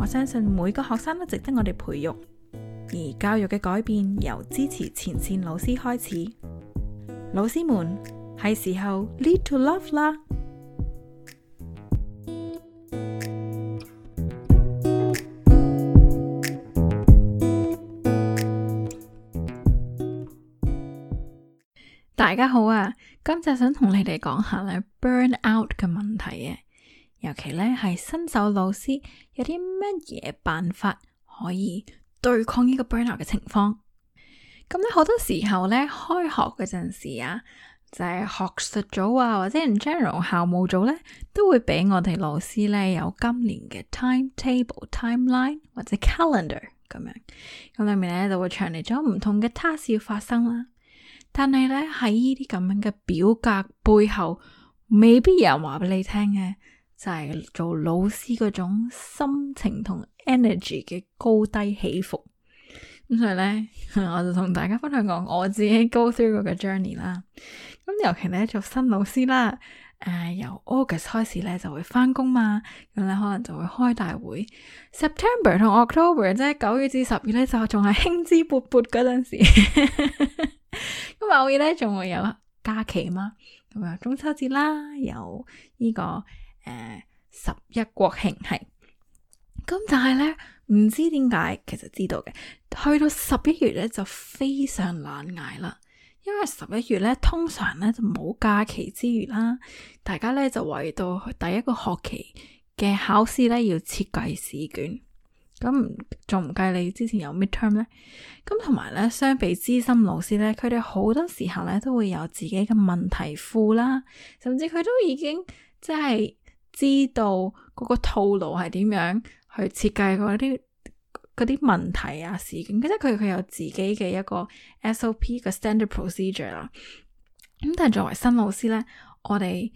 我相信每個學生都值得我哋培育，而教育嘅改變由支持前線老師開始。老師們，係時候 lead to love 啦！大家好啊，今集想同你哋講下咧 burn out 嘅問題嘅。尤其咧係新手老師有啲乜嘢辦法可以對抗呢個 burnout 嘅情況？咁咧好多時候咧，開學嗰陣時啊，就係學術組啊，或者 in general 校務組咧，都會俾我哋老師咧有今年嘅 timetable、timeline 或者 calendar 咁樣。咁裏面咧就會長嚟咗唔同嘅 task 要發生啦。但係咧喺呢啲咁樣嘅表格背後，未必有人話俾你聽嘅。就係做老師嗰種心情同 energy 嘅高低起伏，咁所以咧， 我就同大家分享我我自己 go through 過嘅 journey 啦。咁尤其咧做新老師啦，誒、呃、由 August 開始咧就會返工嘛，咁咧可能就會開大會。September 同 October 即係九月至十月咧就仲係興致勃勃嗰陣時，咁 啊偶爾咧仲會有假期嘛，咁啊中秋節啦，有呢、這個。誒、呃，十一國慶係，咁但係咧唔知點解，其實知道嘅，去到十一月咧就非常難捱啦，因為十一月咧通常咧就冇假期之餘啦，大家咧就為到第一個學期嘅考試咧要設計試卷，咁仲唔計你之前有 midterm 咧，咁同埋咧，相比資深老師咧，佢哋好多時候咧都會有自己嘅問題庫啦，甚至佢都已經即係。知道嗰個套路係點樣去設計嗰啲嗰啲問題啊事件，即係佢佢有自己嘅一個 SOP 個 standard procedure 啦。咁但係作為新老師咧，我哋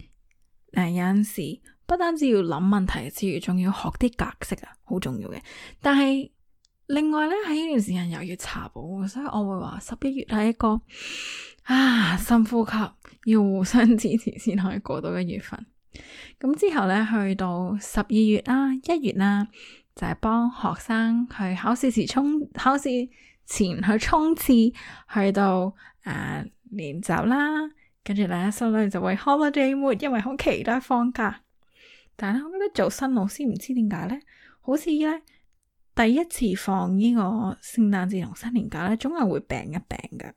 誒有陣時不單止要諗問題之，之餘仲要學啲格式啊，好重要嘅。但係另外咧喺呢段時間又要查補，所以我會話十一月係一個啊深呼吸，要互相支持先可以過到一月份。咁之後咧，去到十二月啦、一月啦，就係、是、幫學生去考試時沖考試前去衝刺，去到啊練習啦，跟住咧，心裏就為 holiday mood，因為好期待放假。但係咧，我覺得做新老師唔知點解咧，好似咧第一次放呢個聖誕節同新年假咧，總係會病一病㗎。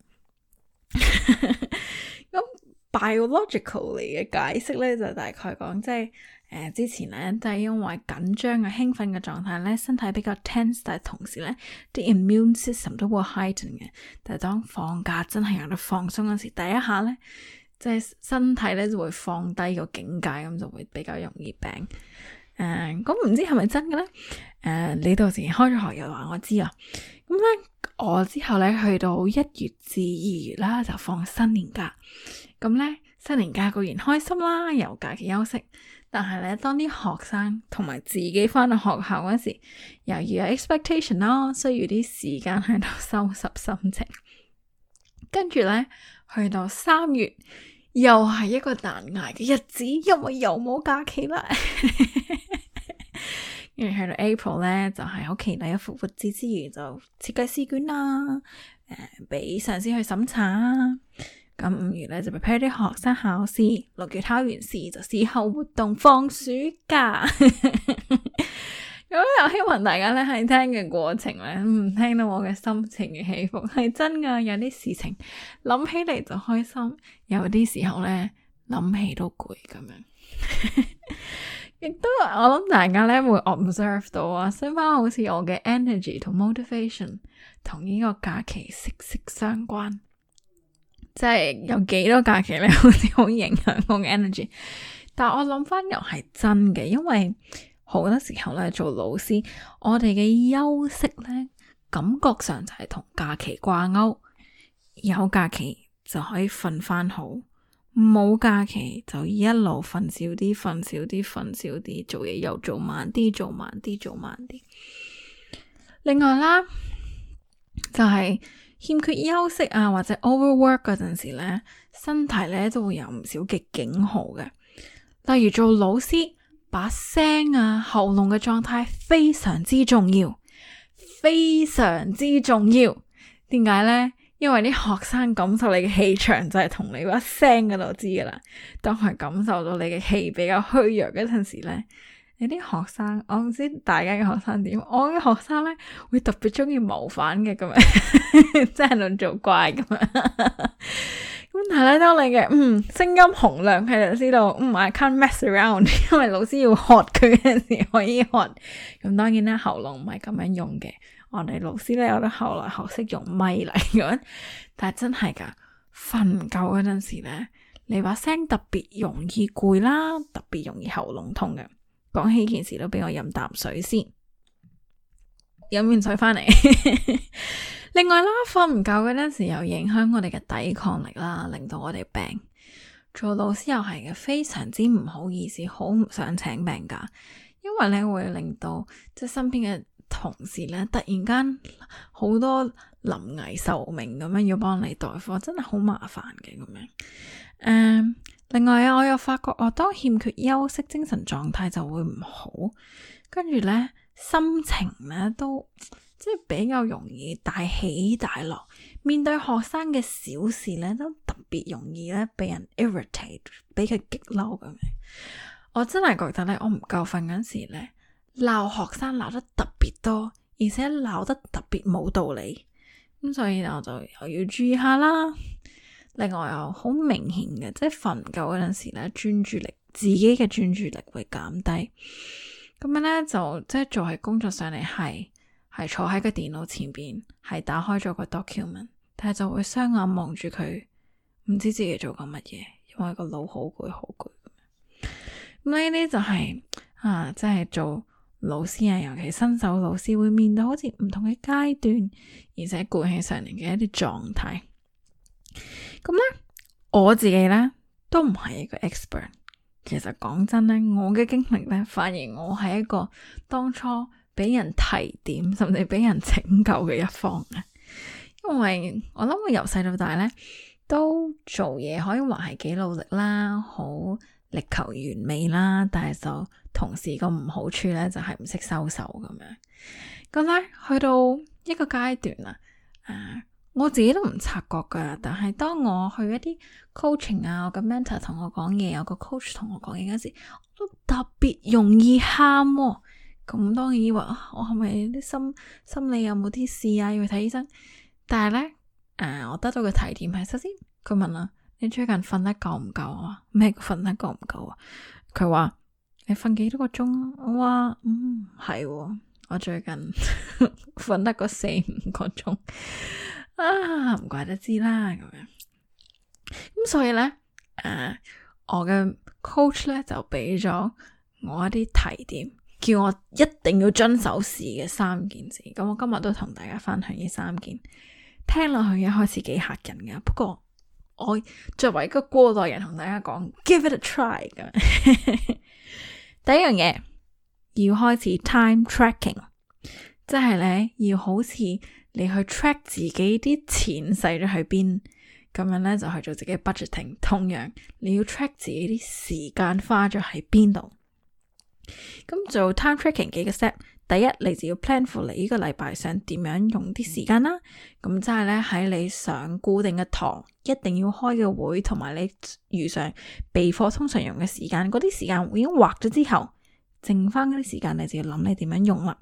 咁。 Biologically 嘅解釋咧，就大概講，即係誒、呃、之前咧，就係、是、因為緊張、興奮嘅狀態咧，身體比較 tense，但係同時咧啲 immune system 都會 heighten 嘅。但係當放假真係有得放鬆嗰時，第一下咧，即係身體咧就會放低個境界，咁就會比較容易病。誒咁唔知係咪真嘅咧？誒、呃、你到時開咗學又話我知啊。咁咧我之後咧去到一月至二月啦，就放新年假。咁咧，新年假固然開心啦，有假期休息。但係咧，當啲學生同埋自己返到學校嗰時，由於有 expectation 啦，需要啲時間喺度收拾心情。跟住咧，去到三月，又係一個難捱嘅日子，因為又冇假期啦。跟 住去到 April 咧，就係好期待一復活節之餘，就設計試卷啦，誒、呃，俾上司去審查啊。咁五月咧就 prepare 啲學生考試，六月考完試就試後活動放暑假。咁 又希望大家咧喺聽嘅過程咧，聽到我嘅心情嘅起伏，係真噶。有啲事情諗起嚟就開心，有啲時候咧諗起都攰咁樣。亦 都我諗大家咧會 observe 到啊，相反好似我嘅 energy 同 motivation 同呢個假期息息相關。即係有幾多假期咧，好似好影響我嘅 energy。但係我諗翻又係真嘅，因為好多時候咧做老師，我哋嘅休息咧感覺上就係同假期掛鈎，有假期就可以瞓翻好，冇假期就一路瞓少啲，瞓少啲，瞓少啲，做嘢又做慢啲，做慢啲，做慢啲。另外啦，就係、是。欠缺休息啊，或者 overwork 嗰陣時咧，身體咧都會有唔少嘅警號嘅。例如做老師，把聲啊喉嚨嘅狀態非常之重要，非常之重要。點解呢？因為啲學生感受你嘅氣場就係同你把聲嗰度知噶啦。當佢感受到你嘅氣比較虛弱嗰陣時咧。有啲學生，我唔知大家嘅學生點。我嘅學生咧會特別鍾意謀反嘅咁樣，即係喺度做怪咁樣。咁但係咧，當你嘅嗯聲音洪亮，佢就知道嗯，I can't mess around，因為老師要喝佢嘅時可以喝。咁當然啦，喉嚨唔係咁樣用嘅。我哋老師咧，我都後來學識用咪嚟咁，但係真係噶，瞓唔夠嗰陣時咧，你把聲特別容易攰啦，特別容易喉嚨痛嘅。講起件事，都俾我飲啖水先，飲完水翻嚟。 另外啦，瞓唔夠嘅陣時又影響我哋嘅抵抗力啦，令到我哋病。做老師又係嘅，非常之唔好意思，好唔想請病假，因為咧會令到即係身邊嘅同事咧突然間好多臨危受命咁樣要幫你代課，真係好麻煩嘅咁樣。誒、嗯。另外啊，我又發覺我當欠缺休息，精神狀態就會唔好，跟住咧心情咧都即係比較容易大起大落。面對學生嘅小事咧，都特別容易咧俾人 irritate，俾佢激嬲嘅。我真係覺得咧，我唔夠瞓嗰時咧，鬧學生鬧得特別多，而且鬧得特別冇道理。咁所以我就又要注意下啦。另外又好明顯嘅，即係瞓唔夠嗰陣時咧，專注力自己嘅專注力會減低。咁樣咧就即係做喺工作上嚟係係坐喺個電腦前邊，係打開咗個 document，但係就會雙眼望住佢，唔知自己做緊乜嘢，因為個腦好攰，好攰、咁樣。咁呢啲就係啊，即係做老師啊，尤其新手老師會面對好似唔同嘅階段，而且攰起上嚟嘅一啲狀態。咁咧，我自己咧都唔係一個 expert。其實講真咧，我嘅經歷咧，反而我係一個當初俾人提點，甚至俾人拯救嘅一方嘅。因為我諗我由細到大咧，都做嘢可以話係幾努力啦，好力求完美啦，但係就同時個唔好處咧，就係唔識收手咁樣。咁咧，去到一個階段啦，啊。我自己都唔察覺噶但係當我去一啲 coaching 啊，我個 mentor 同我講嘢，有個 coach 同我講嘢嗰時，我都特別容易喊，哦。咁當然以為，啊，我係咪，啲心心理，有冇啲事啊？要去睇醫生。但係咧，誒、啊，我得到個提點係，首先佢問啦，你最近瞓得夠唔夠啊？咩瞓得夠唔夠啊？佢話你瞓幾多個鐘啊？我話，嗯，係，哦，我最近瞓 得個四五個鐘。啊，唔怪得知啦，咁樣。咁所以呢，誒、啊，我嘅 coach 呢就俾咗我一啲提點，叫我一定要遵守事嘅三件事。咁我今日都同大家分享呢三件，聽落去一開始幾嚇人嘅，不過我作為一個過來人同大家講，give it a try 咁。 第一樣嘢要開始 time tracking，即係呢，要好似。你去 track 自己啲錢使咗去邊，咁樣咧就去做自己 budgeting。同樣，你要 track 自己啲時間花咗喺邊度。咁做 time tracking 幾個 step。第一，你就要 plan for 你呢個禮拜想點樣用啲時間啦。咁即係咧喺你上固定嘅堂，一定要開嘅會，同埋你遇上備課通常用嘅時間，嗰啲時間已經劃咗之後，剩翻嗰啲時間你就要諗你點樣用啦。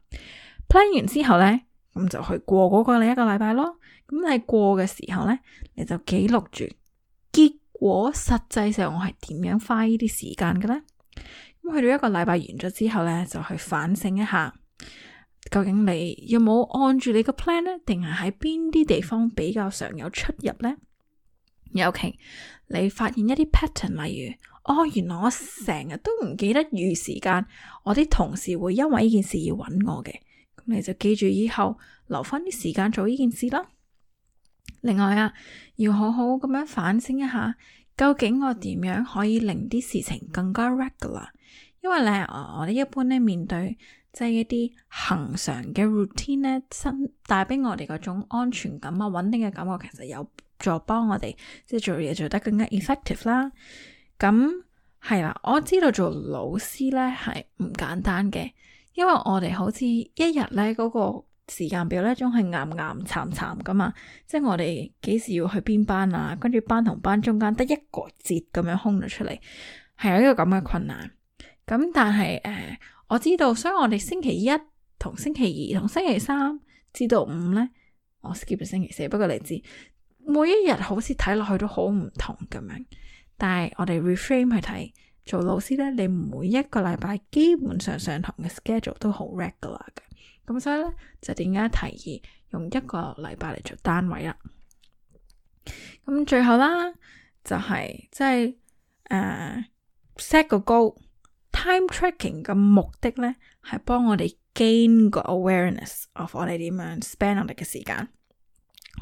plan 完之後咧。咁就去過嗰個另一個禮拜咯。咁你過嘅時候呢，你就記錄住結果。實際上我係點樣花呢啲時間嘅呢？咁去到一個禮拜完咗之後呢，就去反省一下，究竟你有冇按住你個 plan 呢？定係喺邊啲地方比較常有出入呢？尤其你發現一啲 pattern，例如哦，原來我成日都唔記得預時間，我啲同事會因為呢件事要揾我嘅。你就記住以後留翻啲時間做呢件事囉。另外啊，要好好咁樣反省一下，究竟我點樣可以令啲事情更加 regular？因為咧，我哋一般咧，面對即係一啲恒常嘅 routine 咧，帶俾我哋嗰種安全感啊、穩定嘅感覺，其實有助幫我哋即係做嘢做得更加 effective 啦。咁係啦，我知道做老師咧係唔簡單嘅。因為我哋好似一日咧嗰個時間表咧，總係岩岩殘殘噶嘛，即係我哋幾時要去邊班啊？跟住班同班中間得一個節咁樣空咗出嚟，係有一個咁嘅困難。咁但係誒、呃，我知道，所以我哋星期一同星期二同星期三至到五咧，我 skip 咗星期四。不過你知，每一日好似睇落去都好唔同咁樣，但係我哋 reframe 去睇。做老師咧，你每一個禮拜基本上上堂嘅 schedule 都好 regular 嘅，咁所以咧就點解提議用一個禮拜嚟做單位啦。咁最後啦，就係、是、即係誒 set 個 goal，time tracking 嘅目的咧係幫我哋 gain 個 awareness of 我哋點樣 spend 我哋嘅時間。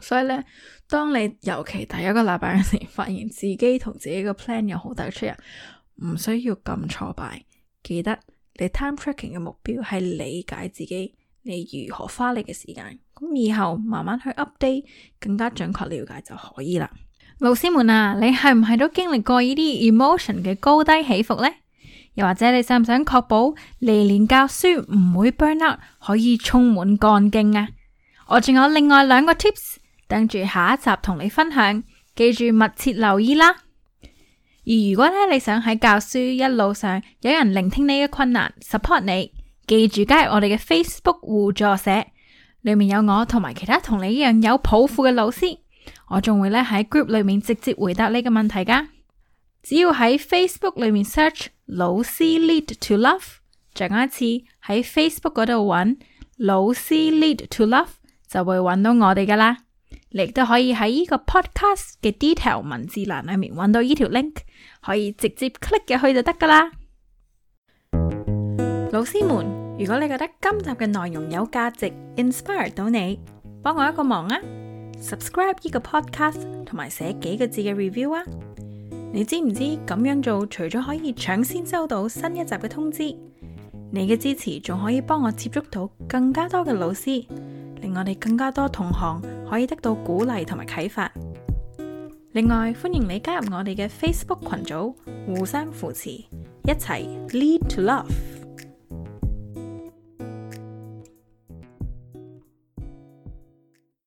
所以咧，當你尤其第一個禮拜嗰陣時，發現自己同自己嘅 plan 有好大嘅出入。唔需要咁挫敗，記得你 time tracking 嘅目標係理解自己你如何花你嘅時間，咁以後慢慢去 update，更,更加準確了解就可以啦。老師們啊，你係唔係都經歷過呢啲 emotion 嘅高低起伏呢？又或者你想唔想確保嚟年教書唔會 burnout，可以充滿幹勁啊？我仲有另外兩個 tips，等住下一集同你分享，記住密切留意啦。而如果咧你想喺教書一路上有人聆聽你嘅困難，support 你，記住加入我哋嘅 Facebook 互助社，裏面有我同埋其他同你一樣有抱負嘅老師，我仲會咧喺 group 裏面直接回答你嘅問題噶。只要喺 Facebook 裏面 search 老師 lead to love，再講一次喺 Facebook 嗰度揾老師 lead to love 就會揾到我哋噶啦。你都可以喺呢個 podcast 嘅 detail 文字欄裏面揾到呢條 link，可以直接 click 入去就得噶啦。老師們，如果你覺得今集嘅內容有價值，inspire 到你，幫我一個忙啊，subscribe 呢個 podcast，同埋寫幾個字嘅 review 啊。你知唔知咁樣做，除咗可以搶先收到新一集嘅通知，你嘅支持仲可以幫我接觸到更加多嘅老師。令我哋更加多同行可以得到鼓勵同埋啟發。另外，歡迎你加入我哋嘅 Facebook 群組，互相扶持，一齊 Lead to Love。